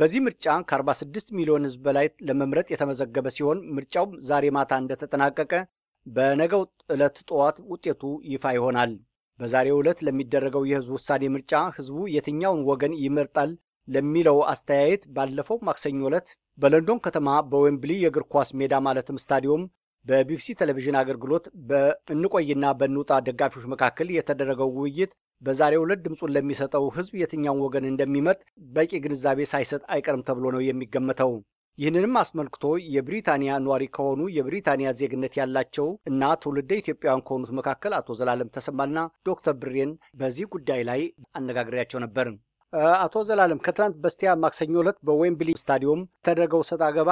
በዚህ ምርጫ ከ46 ሚሊዮን ህዝብ በላይ ለመምረጥ የተመዘገበ ሲሆን ምርጫው ዛሬ ማታ እንደተጠናቀቀ በነገው ዕለት ጠዋት ውጤቱ ይፋ ይሆናል። በዛሬው ዕለት ለሚደረገው የህዝብ ውሳኔ ምርጫ ህዝቡ የትኛውን ወገን ይመርጣል ለሚለው አስተያየት ባለፈው ማክሰኞ ዕለት በለንዶን ከተማ በዌምብሊ የእግር ኳስ ሜዳ ማለትም ስታዲዮም በቢቢሲ ቴሌቪዥን አገልግሎት በእንቆይና በእንውጣ ደጋፊዎች መካከል የተደረገው ውይይት በዛሬው ዕለት ድምፁን ለሚሰጠው ህዝብ የትኛውን ወገን እንደሚመርጥ በቂ ግንዛቤ ሳይሰጥ አይቀርም ተብሎ ነው የሚገመተው። ይህንንም አስመልክቶ የብሪታንያ ኗሪ ከሆኑ የብሪታንያ ዜግነት ያላቸው እና ትውልደ ኢትዮጵያውያን ከሆኑት መካከል አቶ ዘላለም ተሰማና ዶክተር ብሬን በዚህ ጉዳይ ላይ አነጋግሬያቸው ነበር። አቶ ዘላለም ከትናንት በስቲያ ማክሰኞ ዕለት በዌምብሊ ስታዲየም ተደረገው ሰጥ አገባ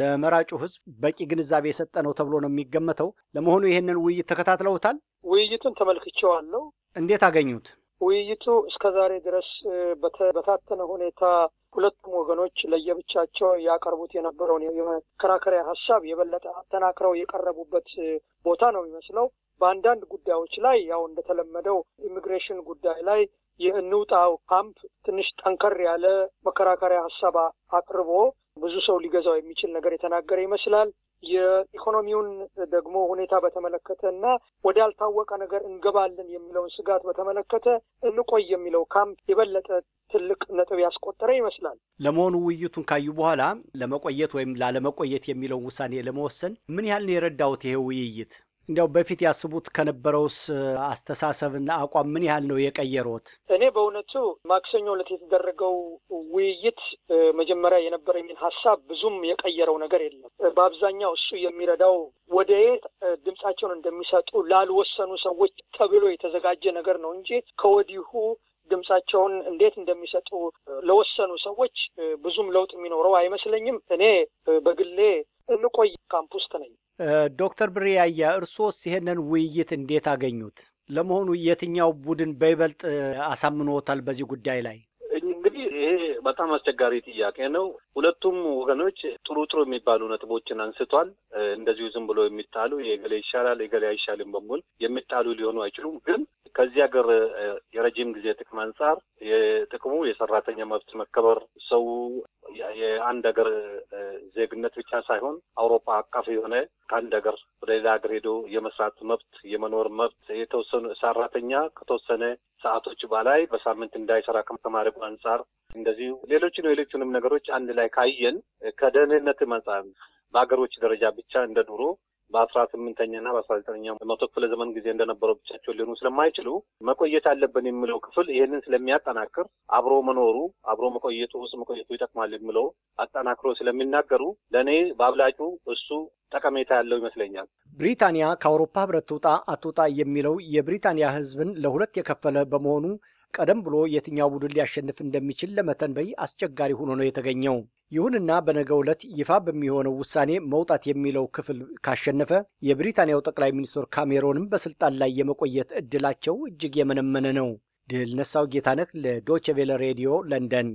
ለመራጩ ህዝብ በቂ ግንዛቤ የሰጠ ነው ተብሎ ነው የሚገመተው። ለመሆኑ ይህንን ውይይት ተከታትለውታል? ውይይቱን ተመልክቼዋለሁ። እንዴት አገኙት? ውይይቱ እስከ ዛሬ ድረስ በተበታተነ ሁኔታ ሁለቱም ወገኖች ለየብቻቸው ያቀርቡት የነበረውን የመከራከሪያ ሀሳብ የበለጠ አጠናክረው የቀረቡበት ቦታ ነው የሚመስለው። በአንዳንድ ጉዳዮች ላይ ያው እንደተለመደው ኢሚግሬሽን ጉዳይ ላይ የእንውጣው ካምፕ ትንሽ ጠንከር ያለ መከራከሪያ ሀሳብ አቅርቦ ብዙ ሰው ሊገዛው የሚችል ነገር የተናገረ ይመስላል። የኢኮኖሚውን ደግሞ ሁኔታ በተመለከተ እና ወዳልታወቀ ነገር እንገባለን የሚለውን ስጋት በተመለከተ እንቆይ የሚለው ካምፕ የበለጠ ትልቅ ነጥብ ያስቆጠረ ይመስላል። ለመሆኑ ውይይቱን ካዩ በኋላ ለመቆየት ወይም ላለመቆየት የሚለውን ውሳኔ ለመወሰን ምን ያህል የረዳውት ይሄ ውይይት እንዲያው በፊት ያስቡት ከነበረውስ አስተሳሰብና አቋም ምን ያህል ነው የቀየሩት? እኔ በእውነቱ ማክሰኞ ዕለት የተደረገው ውይይት መጀመሪያ የነበረኝን ሀሳብ ብዙም የቀየረው ነገር የለም። በአብዛኛው እሱ የሚረዳው ወደ የት ድምጻቸውን እንደሚሰጡ ላልወሰኑ ሰዎች ተብሎ የተዘጋጀ ነገር ነው እንጂ ከወዲሁ ድምጻቸውን እንዴት እንደሚሰጡ ለወሰኑ ሰዎች ብዙም ለውጥ የሚኖረው አይመስለኝም። እኔ በግሌ እንቆይ ካምፕ ውስጥ ነኝ። ዶክተር ብሬ እርሶስ ይሄንን ውይይት እንዴት አገኙት? ለመሆኑ የትኛው ቡድን በይበልጥ አሳምኖታል በዚህ ጉዳይ ላይ? በጣም አስቸጋሪ ጥያቄ ነው። ሁለቱም ወገኖች ጥሩ ጥሩ የሚባሉ ነጥቦችን አንስቷል። እንደዚሁ ዝም ብሎ የሚጣሉ የገሌ ይሻላል የገሌ አይሻልም በሙል የሚጣሉ ሊሆኑ አይችሉም። ግን ከዚህ ሀገር የረጅም ጊዜ ጥቅም አንጻር የጥቅሙ የሰራተኛ መብት መከበር ሰው የአንድ ሀገር ዜግነት ብቻ ሳይሆን አውሮፓ አቀፍ የሆነ ከአንድ ሀገር ወደ ሌላ ሀገር ሄዶ የመስራት መብት፣ የመኖር መብት የተወሰኑ ሰራተኛ ከተወሰነ ሰዓቶች በላይ በሳምንት እንዳይሰራ ከማድረጉ አንጻር እንደዚሁ ሌሎች ነው ሌሎችንም ነገሮች አንድ ላይ ካየን ከደህንነት መጻ በሀገሮች ደረጃ ብቻ እንደ ድሮ በአስራ ስምንተኛ ና በአስራ ዘጠነኛ መቶ ክፍለ ዘመን ጊዜ እንደነበረው ብቻቸው ሊሆኑ ስለማይችሉ መቆየት አለብን የሚለው ክፍል ይህንን ስለሚያጠናክር አብሮ መኖሩ አብሮ መቆየቱ ውስጥ መቆየቱ ይጠቅማል የሚለው አጠናክሮ ስለሚናገሩ ለእኔ በአብላጩ እሱ ጠቀሜታ ያለው ይመስለኛል። ብሪታንያ ከአውሮፓ ህብረት ትውጣ አትውጣ የሚለው የብሪታንያ ህዝብን ለሁለት የከፈለ በመሆኑ ቀደም ብሎ የትኛው ቡድን ሊያሸንፍ እንደሚችል ለመተንበይ አስቸጋሪ ሆኖ ነው የተገኘው። ይሁንና በነገ ዕለት ይፋ በሚሆነው ውሳኔ መውጣት የሚለው ክፍል ካሸነፈ የብሪታንያው ጠቅላይ ሚኒስትር ካሜሮንም በስልጣን ላይ የመቆየት እድላቸው እጅግ የመነመነ ነው። ድል ነሳው ጌታነህ ለዶቼ ቬለ ሬዲዮ ለንደን